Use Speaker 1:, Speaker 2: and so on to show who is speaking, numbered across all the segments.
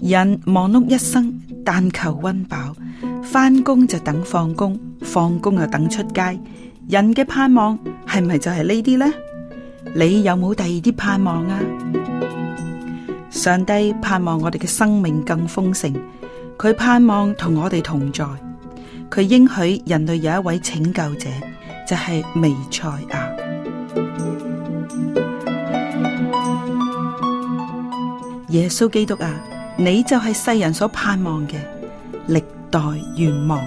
Speaker 1: 人忙碌一生，但求溫飽，返工就等放工，放工又等出街。人嘅盼望係咪就係呢啲呢？你有冇第二啲盼望啊？上帝盼望我哋嘅生命更豐盛，佢盼望同我哋同在，佢應許人類有一位拯救者，就係、是、彌賽亞，耶穌基督啊！你就係世人所盼望嘅歷代願望。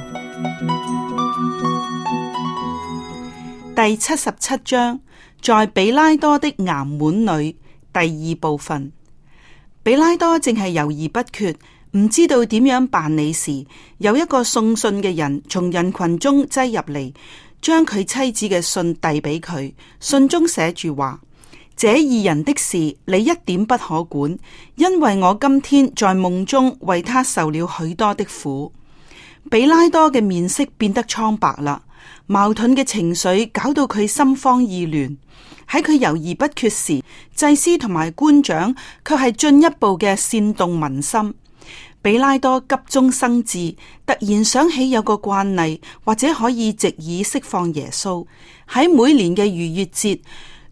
Speaker 1: 第七十七章，在彼拉多的衙門裏第二部分。彼拉多正係猶豫不決，唔知道點樣辦理時，有一個送信嘅人從人羣中擠入嚟，將佢妻子嘅信遞俾佢，信中寫住話。這二人的事，你一點不可管，因為我今天在夢中為他受了許多的苦。彼拉多嘅面色變得蒼白啦，矛盾嘅情緒搞到佢心慌意亂。喺佢猶豫不決時，祭司同埋官長卻係進一步嘅煽動民心。彼拉多急中生智，突然想起有個慣例，或者可以藉以釋放耶穌。喺每年嘅逾越節。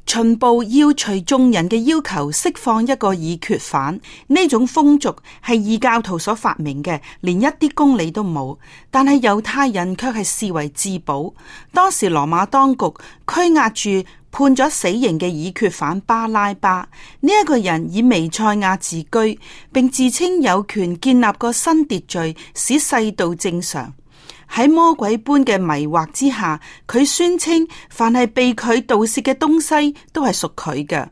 Speaker 1: 巡捕要隨眾人嘅要求釋放一個已決犯，呢種風俗係異教徒所發明嘅，連一啲公理都冇。但係猶太人卻係視為至寶。當時羅馬當局拘押住判咗死刑嘅已決犯巴拉巴，呢、這、一個人以彌賽亞自居，並自稱有權建立個新秩序，使世道正常。喺魔鬼般嘅迷惑之下，佢宣稱凡係被佢盜竊嘅東西都係屬佢嘅。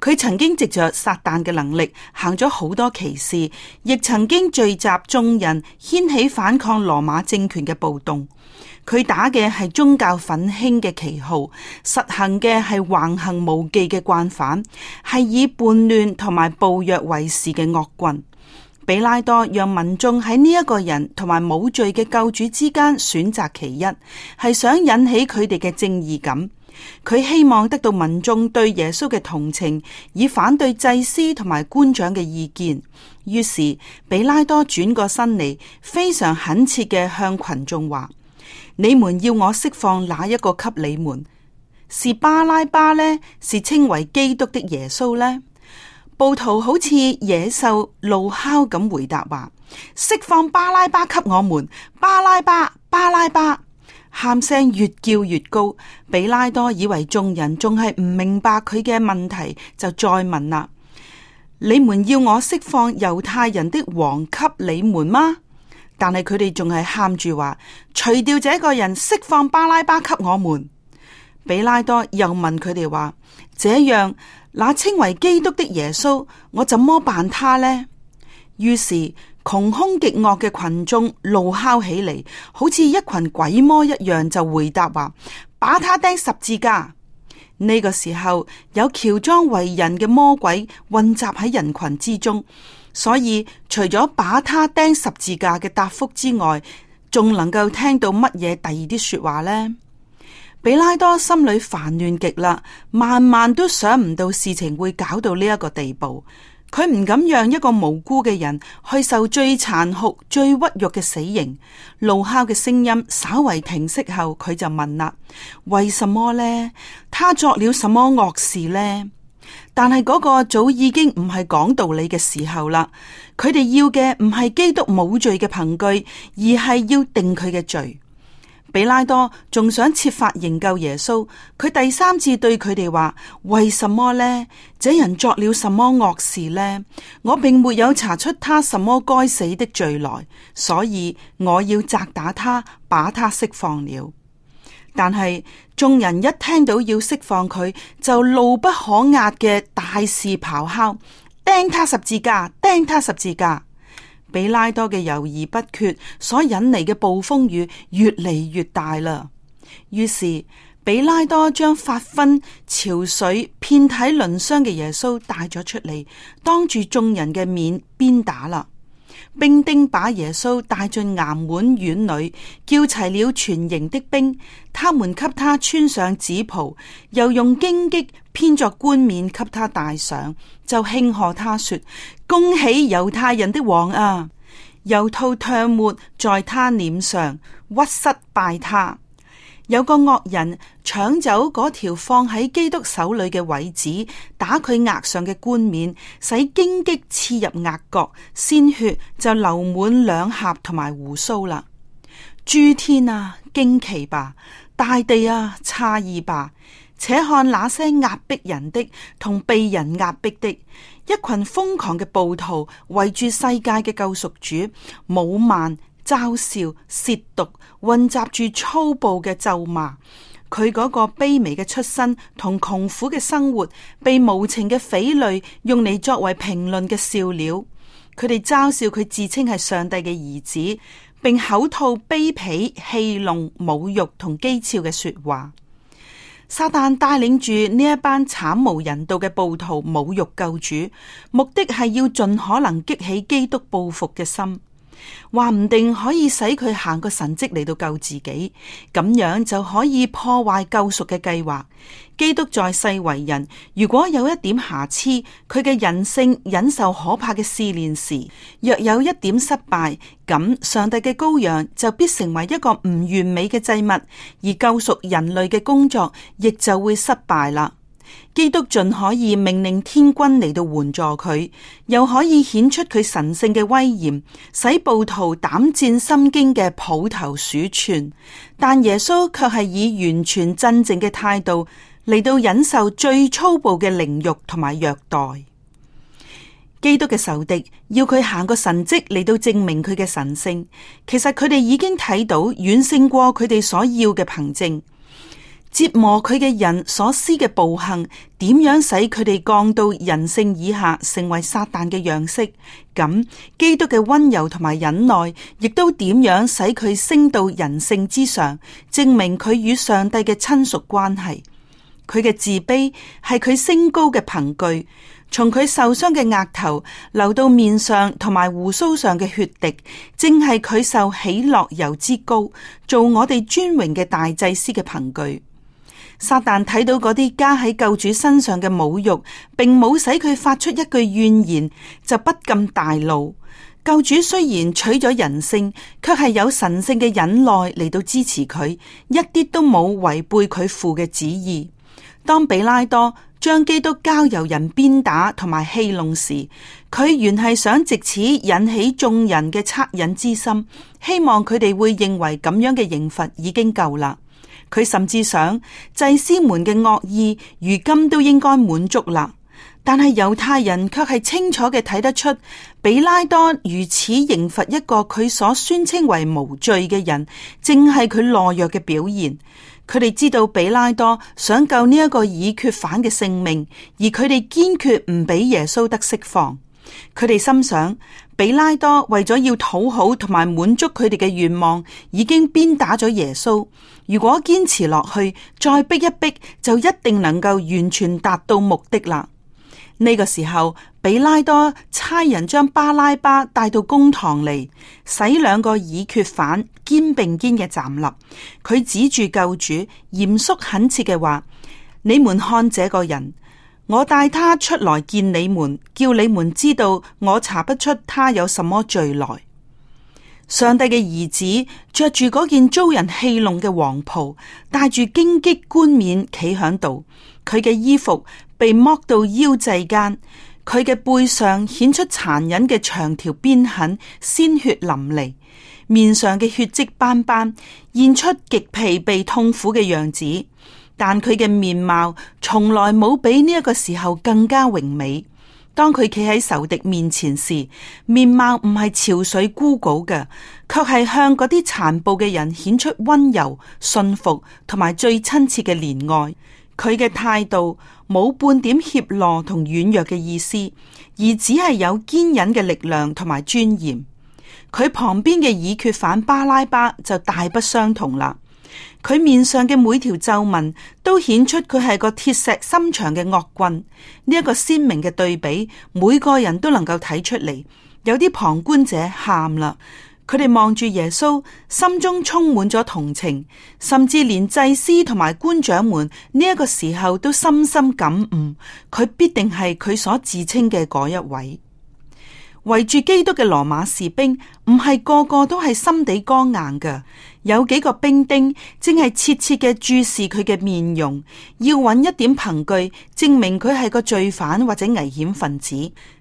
Speaker 1: 佢曾經藉着撒旦嘅能力行咗好多奇事，亦曾經聚集眾人掀起反抗羅馬政權嘅暴動。佢打嘅係宗教奮興嘅旗號，實行嘅係橫行無忌嘅慣犯，係以叛亂同埋暴虐為事嘅惡棍。比拉多讓民眾喺呢一個人同埋冇罪嘅救主之間選擇其一，係想引起佢哋嘅正義感。佢希望得到民眾對耶穌嘅同情，以反對祭司同埋官長嘅意見。於是，比拉多轉過身嚟，非常懇切嘅向群眾話：你們要我釋放哪一個給你們？是巴拉巴呢？是稱為基督的耶穌呢？暴徒好似野獸怒哮咁回答話：釋放巴拉巴給我們，巴拉巴巴拉巴，喊聲越叫越高。比拉多以為眾人仲係唔明白佢嘅問題，就再問啦：你們要我釋放猶太人的王給你們嗎？但係佢哋仲係喊住話：除掉這個人，釋放巴拉巴給我們。比拉多又問佢哋話。這樣，那稱為基督的耶穌，我怎麼辦他呢？於是窮兇極惡嘅群眾怒敲起嚟，好似一群鬼魔一樣，就回答話：把他釘十字架。呢個時候有喬裝為人嘅魔鬼混雜喺人群之中，所以除咗把他釘十字架嘅答覆之外，仲能夠聽到乜嘢第二啲說話呢？比拉多心裏煩亂極啦，慢慢都想唔到事情會搞到呢一個地步。佢唔敢讓一個無辜嘅人去受最殘酷、最屈辱嘅死刑。怒號嘅聲音稍為停息後，佢就問啦：為什麼呢？他作了什麼惡事呢？但係嗰個早已經唔係講道理嘅時候啦。佢哋要嘅唔係基督冇罪嘅憑據，而係要定佢嘅罪。比拉多仲想設法營救耶穌，佢第三次對佢哋話：為什麼呢？這人作了什麼惡事呢？我並沒有查出他什麼該死的罪來，所以我要責打他，把他釋放了。但係眾人一聽到要釋放佢，就怒不可遏嘅大肆咆哮，釘他十字架，釘他十字架。比拉多嘅猶豫不決所引嚟嘅暴風雨越嚟越大啦，於是比拉多將發昏、潮水遍體鱗傷嘅耶穌帶咗出嚟，當住眾人嘅面鞭打啦。兵丁把耶穌帶進衙門院裏，叫齊了全營的兵，他們給他穿上紫袍，又用荊棘編作冠冕給他戴上，就慶賀他說：恭喜猶太人的王啊！又吐唾沫在他臉上，屈膝拜他。有個惡人搶走嗰條放喺基督手裏嘅葦子，打佢額上嘅冠冕，使荊棘刺入額角，鮮血就流滿兩頰同埋鬍鬚啦。諸天啊，驚奇吧！大地啊，詫異吧！且看那些壓迫人的同被人壓迫的，一群瘋狂嘅暴徒圍住世界嘅救贖主武萬。嘲笑、褻瀆，混雜住粗暴嘅咒罵。佢嗰個卑微嘅出身同窮苦嘅生活，被無情嘅匪類用嚟作為評論嘅笑料。佢哋嘲笑佢自稱係上帝嘅兒子，並口吐卑鄙、戲弄、侮辱同譏笑嘅說話。撒旦帶領住呢一班慘無人道嘅暴徒侮辱救主，目的係要盡可能激起基督報復嘅心。話唔定可以使佢行個神蹟嚟到救自己，咁樣就可以破壞救贖嘅計劃。基督在世為人，如果有一點瑕疵，佢嘅人性忍受可怕嘅試煉時，若有一點失敗，咁上帝嘅羔羊就必成為一個唔完美嘅祭物，而救贖人類嘅工作亦就會失敗啦。基督盡可以命令天軍嚟到援助佢，又可以顯出佢神聖嘅威嚴，使暴徒膽戰心驚嘅抱頭鼠竄。但耶穌卻係以完全鎮靜嘅態度嚟到忍受最粗暴嘅凌辱同埋虐待。基督嘅仇敵要佢行個神蹟嚟到證明佢嘅神聖，其實佢哋已經睇到遠勝過佢哋所要嘅憑證。折磨佢嘅人所施嘅暴行，點樣使佢哋降到人性以下，成為撒旦嘅樣式？咁基督嘅溫柔同埋忍耐，亦都點樣使佢升到人性之上，證明佢與上帝嘅親屬關係？佢嘅自卑係佢升高嘅憑據，從佢受傷嘅額頭流到面上同埋鬍鬚上嘅血滴，正係佢受喜樂油之高，做我哋尊榮嘅大祭司嘅憑據。撒旦睇到嗰啲加喺救主身上嘅侮辱，並冇使佢發出一句怨言，就不禁大怒。救主雖然取咗人性，卻係有神聖嘅忍耐嚟到支持佢，一啲都冇違背佢父嘅旨意。當彼拉多將基督交由人鞭打同埋戲弄時，佢原係想借此引起眾人嘅惻隱之心，希望佢哋會認為咁樣嘅刑罰已經夠啦。佢甚至想祭司們嘅惡意，如今都應該滿足啦。但係猶太人卻係清楚嘅睇得出，比拉多如此刑罰一個佢所宣稱為無罪嘅人，正係佢懦弱嘅表現。佢哋知道比拉多想救呢一個已決犯嘅性命，而佢哋堅決唔俾耶穌得釋放。佢哋心想，比拉多為咗要討好同埋滿足佢哋嘅願望，已經鞭打咗耶穌。如果堅持落去，再逼一逼，就一定能夠完全達到目的啦。呢、這個時候，比拉多差人將巴拉巴帶到公堂嚟，使兩個已決犯、肩並肩嘅站立。佢指住救主，嚴肅懇切嘅話：，你們看這個人。我帶他出來見你們，叫你們知道我查不出他有什麼罪來。上帝嘅兒子着住嗰件遭人戲弄嘅黃袍，戴住荊棘冠冕企喺度。佢嘅衣服被剝到腰際間，佢嘅背上顯出殘忍嘅長條鞭痕，鮮血淋漓，面上嘅血跡斑斑，現出極疲憊痛苦嘅樣子。但佢嘅面貌從來冇比呢一個時候更加榮美。當佢企喺仇敵面前時，面貌唔係憔悴枯槁嘅，卻係向嗰啲殘暴嘅人顯出溫柔、馴服同埋最親切嘅憐愛。佢嘅態度冇半點怯懦同軟弱嘅意思，而只係有堅忍嘅力量同埋尊嚴。佢旁邊嘅已決犯巴拉巴就大不相同啦。佢面上嘅每條皺紋都顯出佢係個鐵石心腸嘅惡棍，呢、這、一個鮮明嘅對比，每個人都能夠睇出嚟。有啲旁觀者喊啦，佢哋望住耶穌，心中充滿咗同情，甚至連祭司同埋官長們呢一、這個時候都深深感悟，佢必定係佢所自稱嘅嗰一位。圍住基督嘅羅馬士兵唔係個個都係心地剛硬嘅，有幾個兵丁正係切切嘅注視佢嘅面容，要揾一點憑據證明佢係個罪犯或者危險分子。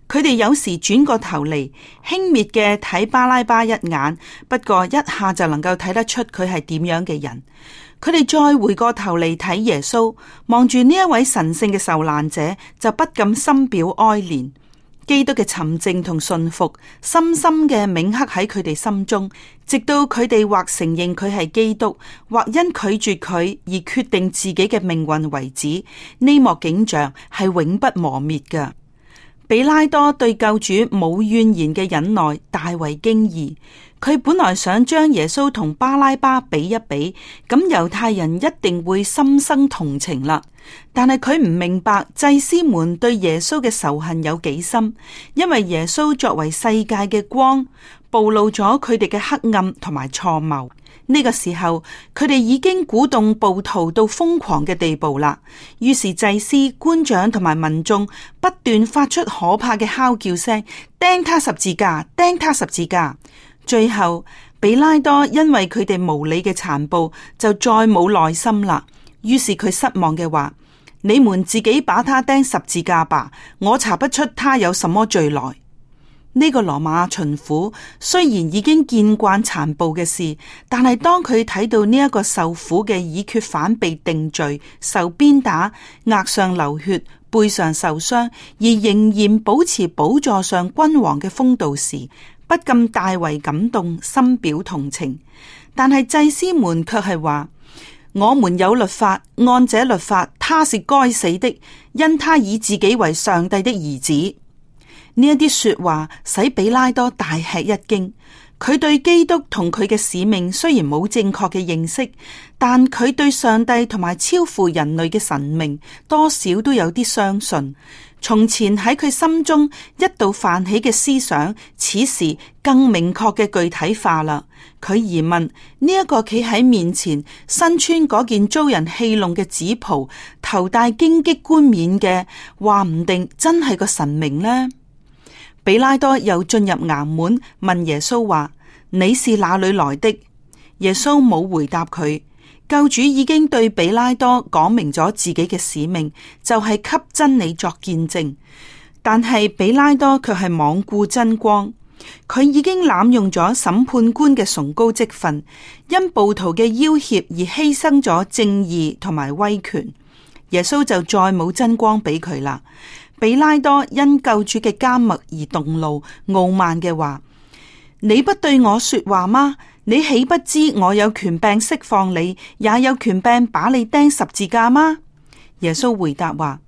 Speaker 1: 佢哋有時轉個頭嚟，輕蔑嘅睇巴拉巴一眼，不過一下就能夠睇得出佢係點樣嘅人。佢哋再回個頭嚟睇耶穌，望住呢一位神聖嘅受難者，就不敢深表哀憐。基督嘅沉靜同信服，深深嘅銘刻喺佢哋心中，直到佢哋或承認佢係基督，或因拒絕佢而決定自己嘅命運為止。呢幕景象係永不磨滅嘅。比拉多對救主冇怨言嘅忍耐大為驚異，佢本來想將耶穌同巴拉巴比一比，咁猶太人一定會心生同情啦。但係佢唔明白祭司們對耶穌嘅仇恨有幾深，因為耶穌作為世界嘅光，暴露咗佢哋嘅黑暗同埋錯謬。呢個時候，佢哋已經鼓動暴徒到瘋狂嘅地步啦。於是祭司、官長同埋民眾不斷發出可怕嘅嚎叫聲，釘他十字架，釘他十字架。最後，比拉多因為佢哋無理嘅殘暴，就再冇耐心啦。於是佢失望嘅話：你們自己把他釘十字架吧，我查不出他有什麼罪來。呢個羅馬巡撫雖然已經見慣殘暴嘅事，但係當佢睇到呢一個受苦嘅已決犯被定罪、受鞭打、額上流血、背上受傷，而仍然保持寶座上君王嘅風度時，不禁大為感動，深表同情。但係祭司們卻係話：「我們有律法，按者律法，他是該死的，因他以自己為上帝的兒子。呢一啲說話使比拉多大吃一驚。佢對基督同佢嘅使命雖然冇正確嘅認識，但佢對上帝同埋超乎人類嘅神明多少都有啲相信。從前喺佢心中一度泛起嘅思想，此時更明確嘅具體化啦。佢疑問：呢、這、一個企喺面前，身穿嗰件遭人戲弄嘅紫袍，頭戴荊棘冠冕嘅，話唔定真係個神明呢？比拉多又進入衙門問耶穌話：你是哪裏來的？耶穌冇回答佢。救主已經對比拉多講明咗自己嘅使命，就係、是、給真理作見證。但係比拉多卻係罔顧真光，佢已經濫用咗審判官嘅崇高職分，因暴徒嘅要挾而犧牲咗正義同埋威權。耶穌就再冇真光俾佢啦。比拉多因救主嘅緘默而動怒，傲慢嘅話：你不對我說話嗎？你豈不知我有權柄釋放你，也有權柄把你釘十字架嗎？耶穌回答話：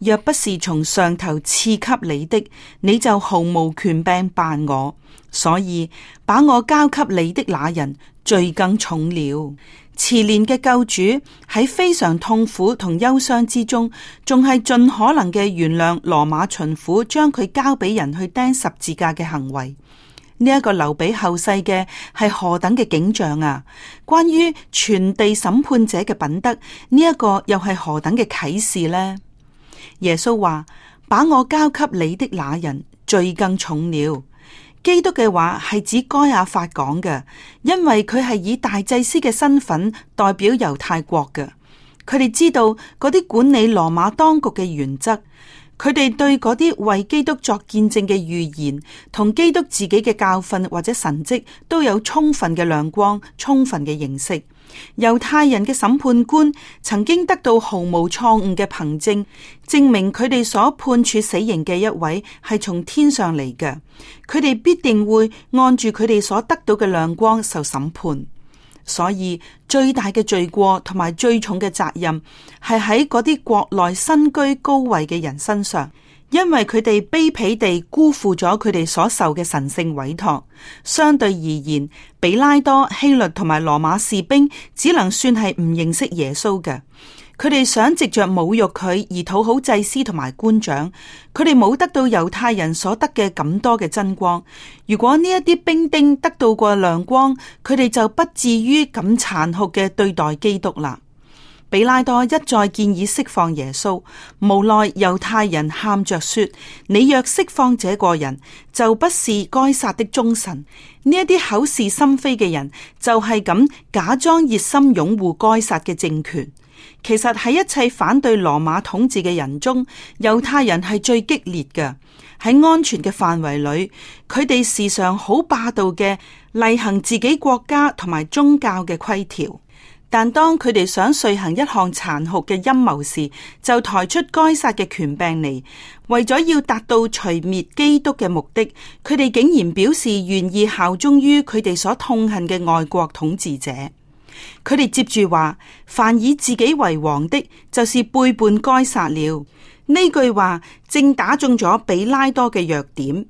Speaker 1: 若不是從上頭賜給你的，你就毫無權柄辦，辦我，所以把我交給你的那人罪更重了。慈憐嘅救主喺非常痛苦同憂傷之中，仲係盡可能嘅原諒羅馬巡撫，將佢交俾人去釘十字架嘅行為。呢一個留俾後世嘅係何等嘅景象啊！關於全地審判者嘅品德，呢一個又係何等嘅啟示呢？耶穌話：，把我交給你的那人罪更重了。基督嘅話係指該亞法講嘅，因為佢係以大祭司嘅身份代表猶太國嘅。佢哋知道嗰啲管理羅馬當局嘅原則，佢哋對嗰啲為基督作見證嘅預言同基督自己嘅教訓或者神跡都有充分嘅亮光，充分嘅認識。猶太人嘅審判官曾經得到毫無錯誤嘅憑證，證明佢哋所判處死刑嘅一位係從天上嚟嘅，佢哋必定會按住佢哋所得到嘅亮光受審判。所以最大嘅罪過同埋最重嘅責任係喺嗰啲國內身居高位嘅人身上，因為佢哋卑鄙地辜負咗佢哋所受嘅神聖委託。相對而言，比拉多、希律同埋羅馬士兵只能算係唔認識耶穌嘅。佢哋想藉着侮辱佢而討好祭司同埋官長，佢哋冇得到猶太人所得嘅咁多嘅真光。如果呢一啲兵丁得到過亮光，佢哋就不至於咁殘酷嘅對待基督啦。彼拉多一再建議釋放耶穌，無奈猶太人喊着說：你若釋放這個人，就不是該撒的忠臣。呢一啲口是心非嘅人就係、是、咁假裝熱心擁護該撒嘅政權。其實喺一切反對羅馬統治嘅人中，猶太人係最激烈嘅。喺安全嘅範圍裏，佢哋時常好霸道嘅，厲行自己國家同埋宗教嘅規條。但當佢哋想遂行一項殘酷嘅陰謀時，就抬出該殺嘅權柄嚟，為咗要達到除滅基督嘅目的，佢哋竟然表示願意效忠於佢哋所痛恨嘅外國統治者。佢哋接住話：凡以自己為王的，就是背叛該殺了。了呢句話正打中咗比拉多嘅弱點。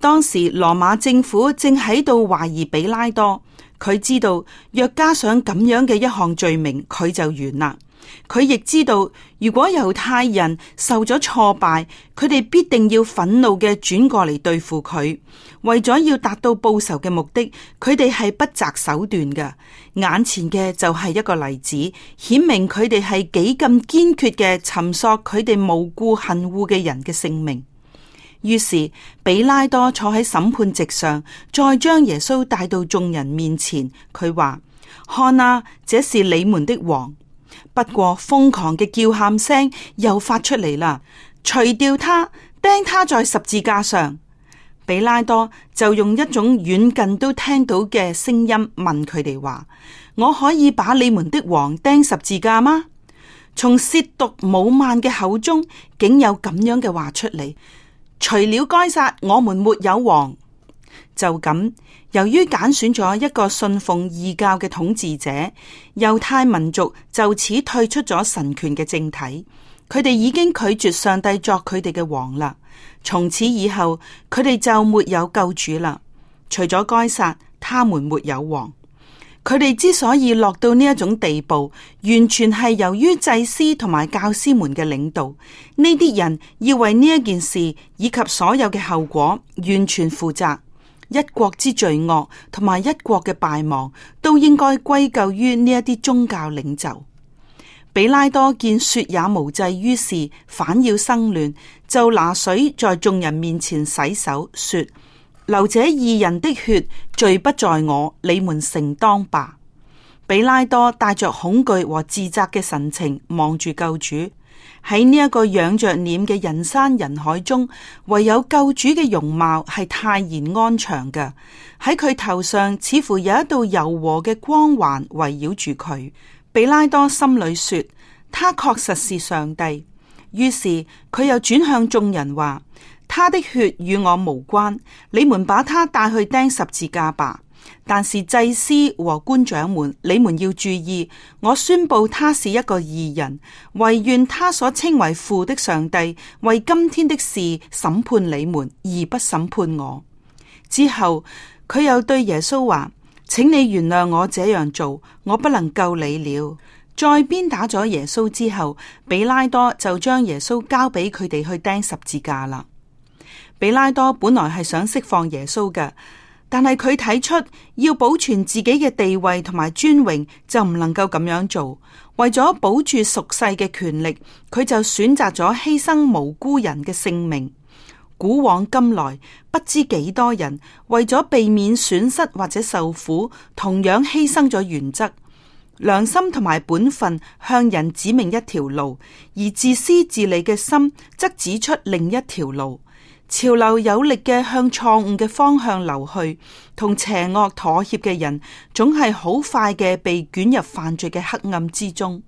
Speaker 1: 當時羅馬政府正喺度懷疑比拉多，佢知道若加上咁樣嘅一項罪名，佢就完啦。佢亦知道，如果猶太人受咗挫敗，佢哋必定要憤怒嘅轉過嚟對付佢。為咗要達到報仇嘅目的，佢哋係不擇手段噶。眼前嘅就係一個例子，顯明佢哋係幾咁堅決嘅，尋索佢哋無故恨惡嘅人嘅性命。於是比拉多坐喺審判席上，再將耶穌帶到眾人面前。佢話：看啊，這是你們的王。不過瘋狂嘅叫喊聲又發出嚟啦，除掉他，釘他在十字架上。比拉多就用一種遠近都聽到嘅聲音問佢哋話：我可以把你們的王釘十字架嗎？從褻瀆武曼嘅口中，竟有咁樣嘅話出嚟。除了該撒，我們沒有王。就咁，由於揀選咗一個信奉異教嘅統治者，猶太民族就此退出咗神權嘅政體。佢哋已經拒絕上帝作佢哋嘅王啦。從此以後，佢哋就沒有救主啦。除咗該撒，他們沒有王。佢哋之所以落到呢一種地步，完全係由於祭司同埋教師們嘅領導。呢啲人要為呢一件事以及所有嘅後果完全負責。一國之罪惡同埋一國嘅敗亡，都應該歸咎於呢一啲宗教領袖。彼拉多見說也無濟於事，反要生亂。就拿水在眾人面前洗手，說：流這義人的血，罪不在我，你們承當吧。比拉多帶着恐懼和自責嘅神情望住救主，喺呢一個仰着臉嘅人山人海中，唯有救主嘅容貌係泰然安詳嘅。喺佢頭上似乎有一道柔和嘅光環圍繞住佢。比拉多心裏說：他確實是上帝。於是佢又轉向眾人話：他的血與我無關，你們把他帶去釘十字架吧。但是祭司和官長們，你們要注意，我宣布他是一個義人，唯願他所稱為父的上帝為今天的事審判你們，而不審判我。之後佢又對耶穌話：請你原諒我這樣做，我不能救你了。再鞭打咗耶穌之後，比拉多就將耶穌交俾佢哋去釘十字架啦。比拉多本來係想釋放耶穌嘅，但係佢睇出要保存自己嘅地位同埋尊榮，就唔能夠咁樣做。為咗保住屬世嘅權力，佢就選擇咗犧牲無辜人嘅性命。古往今來，不知幾多人為咗避免損失或者受苦，同樣犧牲咗原則。良心同埋本分向人指明一條路，而自私自利嘅心則指出另一條路。潮流有力嘅向錯誤嘅方向流去，同邪惡妥協嘅人，總係好快嘅被捲入犯罪嘅黑暗之中。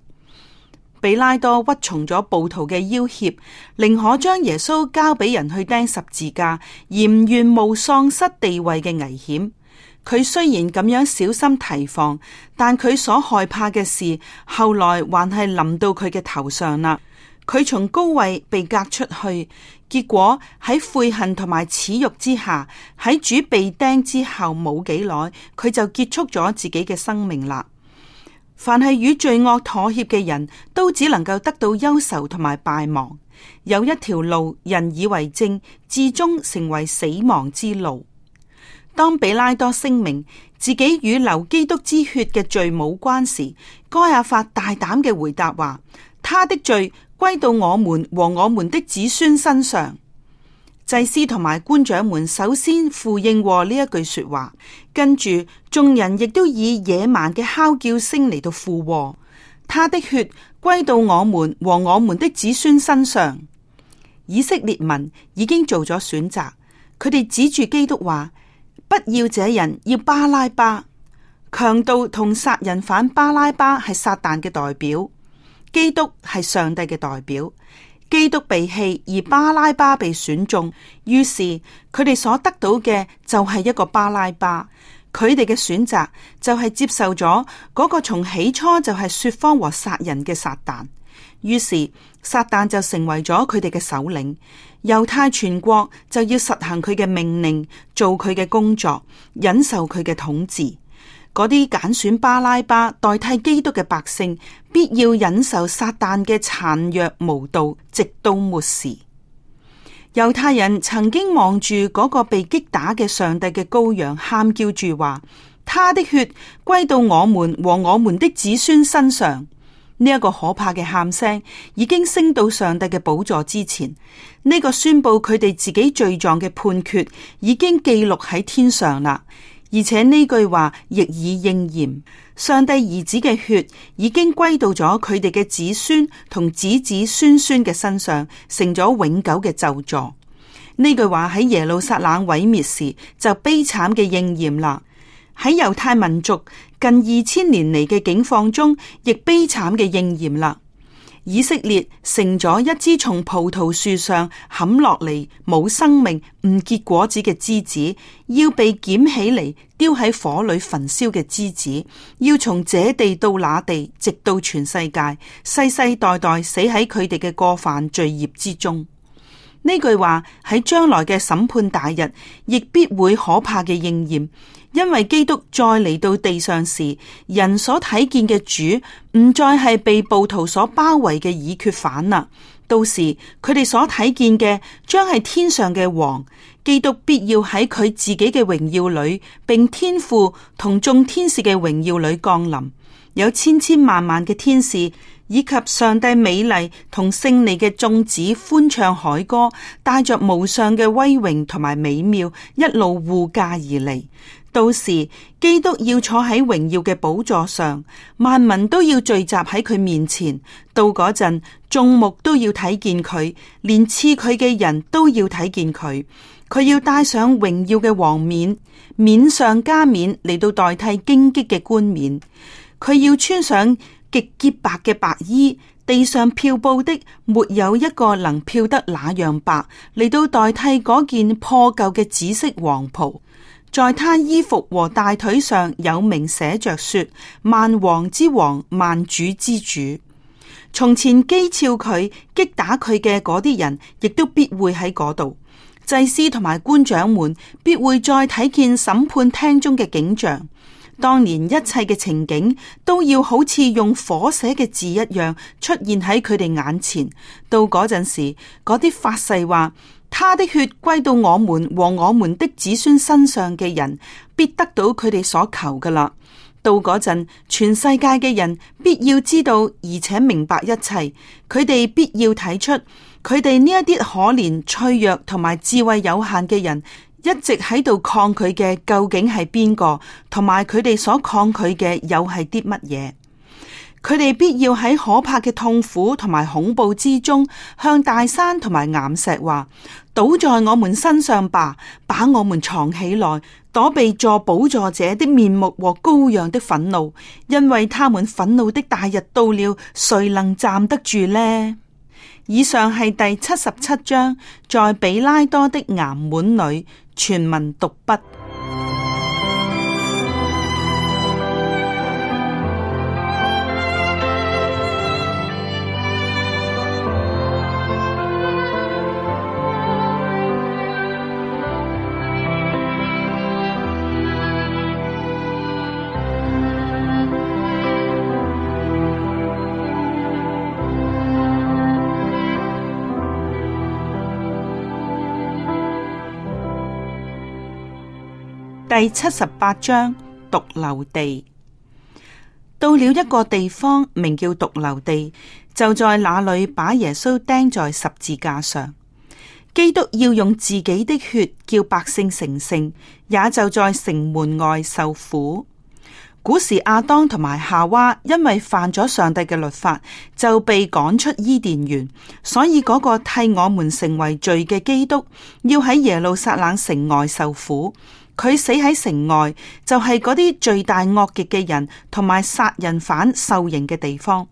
Speaker 1: 比拉多屈從咗暴徒嘅要挾，寧可將耶穌交俾人去釘十字架，嫌厭無喪失地位嘅危險。佢雖然咁樣小心提防，但佢所害怕嘅事，後來還係臨到佢嘅頭上啦。佢從高位被隔出去，結果喺悔恨同埋恥辱之下，喺主被釘之後冇幾耐，佢就結束咗自己嘅生命啦。凡係與罪惡妥協嘅人，都只能夠得到憂愁同埋敗亡。有一條路，人以為正，至終成為死亡之路。當彼拉多聲明自己與流基督之血嘅罪冇關時，該亞法大膽嘅回答話：他的罪歸到我們和我們的子孫身上。祭司同埋官長們首先附應和呢一句說話，跟住眾人亦都以野蠻嘅嚎叫聲嚟到附和，他的血歸到我們和我們的子孫身上。以色列民已經做咗選擇，佢哋指住基督話。不要這人，要巴拉巴。強盜同殺人犯巴拉巴係撒旦嘅代表，基督係上帝嘅代表。基督被棄，而巴拉巴被選中，於是佢哋所得到嘅就係一個巴拉巴。佢哋嘅選擇就係接受咗嗰個從起初就係說謊和殺人嘅撒旦。於是撒旦就成為咗佢哋嘅首領。猶太全國就要實行佢嘅命令，做佢嘅工作，忍受佢嘅統治。嗰啲揀選巴拉巴代替基督嘅百姓，必要忍受撒旦嘅殘虐無道，直到末時。猶太人曾經望住嗰個被擊打嘅上帝嘅羔羊，喊叫住話：他的血歸到我們和我們的子孫身上。呢一個可怕嘅喊聲已經升到上帝嘅寶座之前，呢、這個宣布佢哋自己罪狀嘅判決已經記錄喺天上啦，而且呢句話亦已應驗，「上帝兒子嘅血已經歸到咗佢哋嘅子孫同子子孫孫嘅身上，成咗永久嘅咒詛。」呢句話喺耶路撒冷毀滅時就悲慘嘅應驗啦。喺猶太民族近二千年嚟嘅境況中，亦悲慘嘅應驗啦。以色列成咗一支從葡萄樹上砍落嚟冇生命、唔結果子嘅枝子，要被撿起嚟丟喺火裏焚燒嘅枝子，要從這地到那地，直到全世界，世世代代死喺佢哋嘅過犯罪孽之中。呢句話喺將來嘅審判大日，亦必會可怕嘅應驗，因為基督再嚟到地上時，人所睇見嘅主唔再係被暴徒所包圍嘅已決犯啦。到時佢哋所睇見嘅將係天上嘅王，基督必要喺佢自己嘅榮耀裏，並天父同眾天使嘅榮耀裏降臨，有千千萬萬嘅天使。以及上帝美麗同勝利嘅眾子歡唱海歌，帶着無上嘅威榮同埋美妙，一路護駕而嚟。到時基督要坐喺榮耀嘅寶座上，萬民都要聚集喺佢面前。到嗰陣，眾目都要睇見佢，連刺佢嘅人都要睇見佢。佢要戴上榮耀嘅王冕，冕上加冕嚟到代替荊棘嘅冠冕。佢要穿上。極潔白嘅白衣，地上漂布的，沒有一個能漂得那樣白，嚟到代替嗰件破舊嘅紫色黃袍。在他衣服和大腿上有名寫着說：萬王之王，萬主之主。從前譏笑佢、擊打佢嘅嗰啲人，亦都必會喺嗰度。祭司同埋官長們，必會再睇見審判廳中嘅景象。當年一切嘅情景都要好似用火寫嘅字一樣出現喺佢哋眼前。到嗰陣時，嗰啲發誓話他的血歸到我們和我們的子孫身上嘅人，必得到佢哋所求㗎喇。到嗰陣，全世界嘅人必要知道而且明白一切，佢哋必要睇出佢哋呢一啲可憐、脆弱同埋智慧有限嘅人。一直喺度抗拒嘅究竟係邊個？同埋佢哋所抗拒嘅又係啲乜嘢？佢哋必要喺可怕嘅痛苦同埋恐怖之中，向大山同埋岩石話：倒在我們身上吧，把我們藏起來，躲避坐寶座者的面目和羔羊的憤怒，因為他們憤怒的大日到了，誰能站得住呢？以上係第七十七章，在彼拉多的岩門裡全文讀畢。第七十八章髑髏地，到了一個地方，名叫髑髏地，就在那裏把耶穌釘在十字架上。基督要用自己的血叫百姓成聖，也就在城門外受苦。古時亞當同埋夏娃因為犯咗上帝嘅律法，就被趕出伊甸園。所以嗰個替我們成為罪嘅基督，要喺耶路撒冷城外受苦。佢死喺城外，就係嗰啲罪大惡極嘅人同埋殺人犯受刑嘅地方。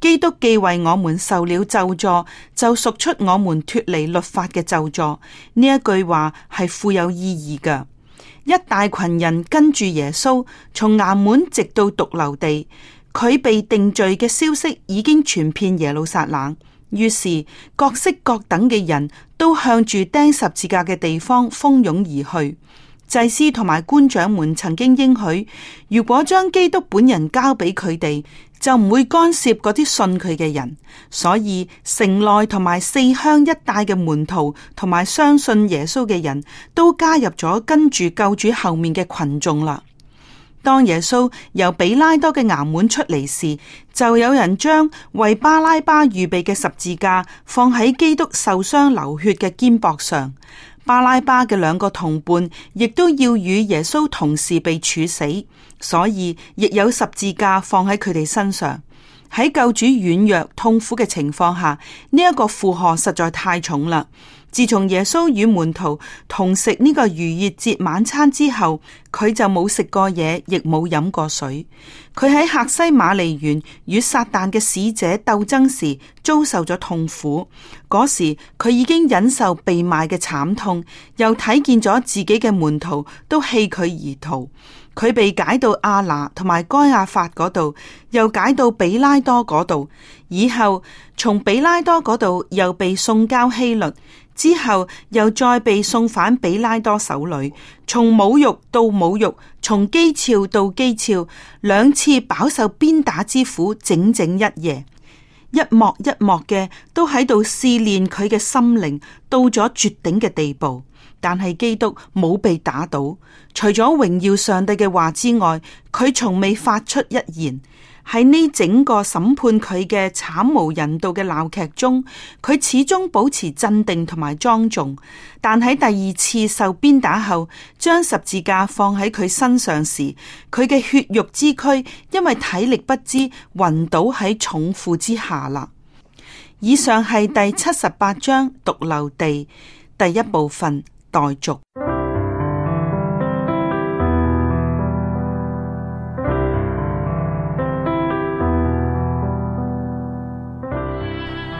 Speaker 1: 基督既為我們受了咒詛，就贖出我們脫離律法嘅咒詛。呢一句話係富有意義嘅。一大群人跟住耶穌從衙門直到髑髏地，佢被定罪嘅消息已經傳遍耶路撒冷，於是各式各等嘅人都向住釘十字架嘅地方蜂擁而去。祭司同埋官長們曾經應許，如果將基督本人交俾佢哋。就唔會干涉嗰啲信佢嘅人，所以城內同埋四鄉一帶嘅門徒同埋相信耶穌嘅人都加入咗跟住救主後面嘅群眾啦。當耶穌由彼拉多嘅衙門出嚟時，就有人將為巴拉巴預備嘅十字架放喺基督受傷流血嘅肩膊上。巴拉巴嘅兩個同伴亦都要與耶穌同時被處死，所以亦有十字架放喺佢哋身上。喺救主軟弱、痛苦嘅情況下，呢、這、一個負荷實在太重啦。自從耶穌與門徒同食呢個逾越節晚餐之後，佢就冇食過嘢，亦冇飲過水。佢喺客西馬尼園與撒旦嘅使者鬥爭時，遭受咗痛苦。嗰時佢已經忍受被賣嘅慘痛，又睇見咗自己嘅門徒都棄佢而逃。佢被解到阿拿同埋該亞法嗰度，又解到比拉多嗰度，以後從比拉多嗰度又被送交希律，之後又再被送返比拉多手裏，從侮辱到侮辱，從譏誚到譏誚，兩次飽受鞭打之苦，整整一夜，一幕一幕嘅都喺度試煉佢嘅心靈，到咗絕頂嘅地步。但係基督冇被打倒，除咗榮耀上帝嘅話之外，佢從未發出一言。喺呢整個審判佢嘅慘無人道嘅鬧劇中，佢始終保持鎮定同埋莊重。但喺第二次受鞭打後，將十字架放喺佢身上時，佢嘅血肉之軀因為體力不支暈倒喺重負之下啦。以上係第七十八章髑髏地第一部分。待續。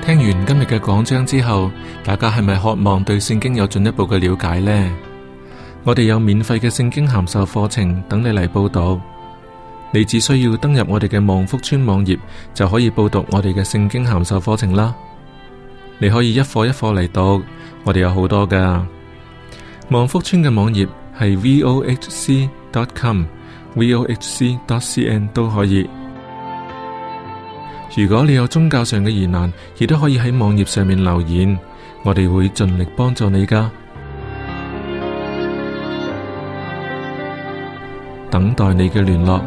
Speaker 1: 聽完今日嘅講章之後，大家係咪渴望對聖經有進一步嘅了解呢？我哋有免費嘅聖經函授課程等你嚟報讀。你只需要登入我哋嘅望福村網頁，就可以報讀我哋嘅聖經函授課程啦。你可以一課一課嚟讀，我哋有好多噶。望福村嘅網頁係 Vohc.com，Vohc.cn 都可以。如果你有宗教上嘅疑難，亦都可以喺網頁上面留言，我哋會盡力幫助你噶。等待你嘅聯絡。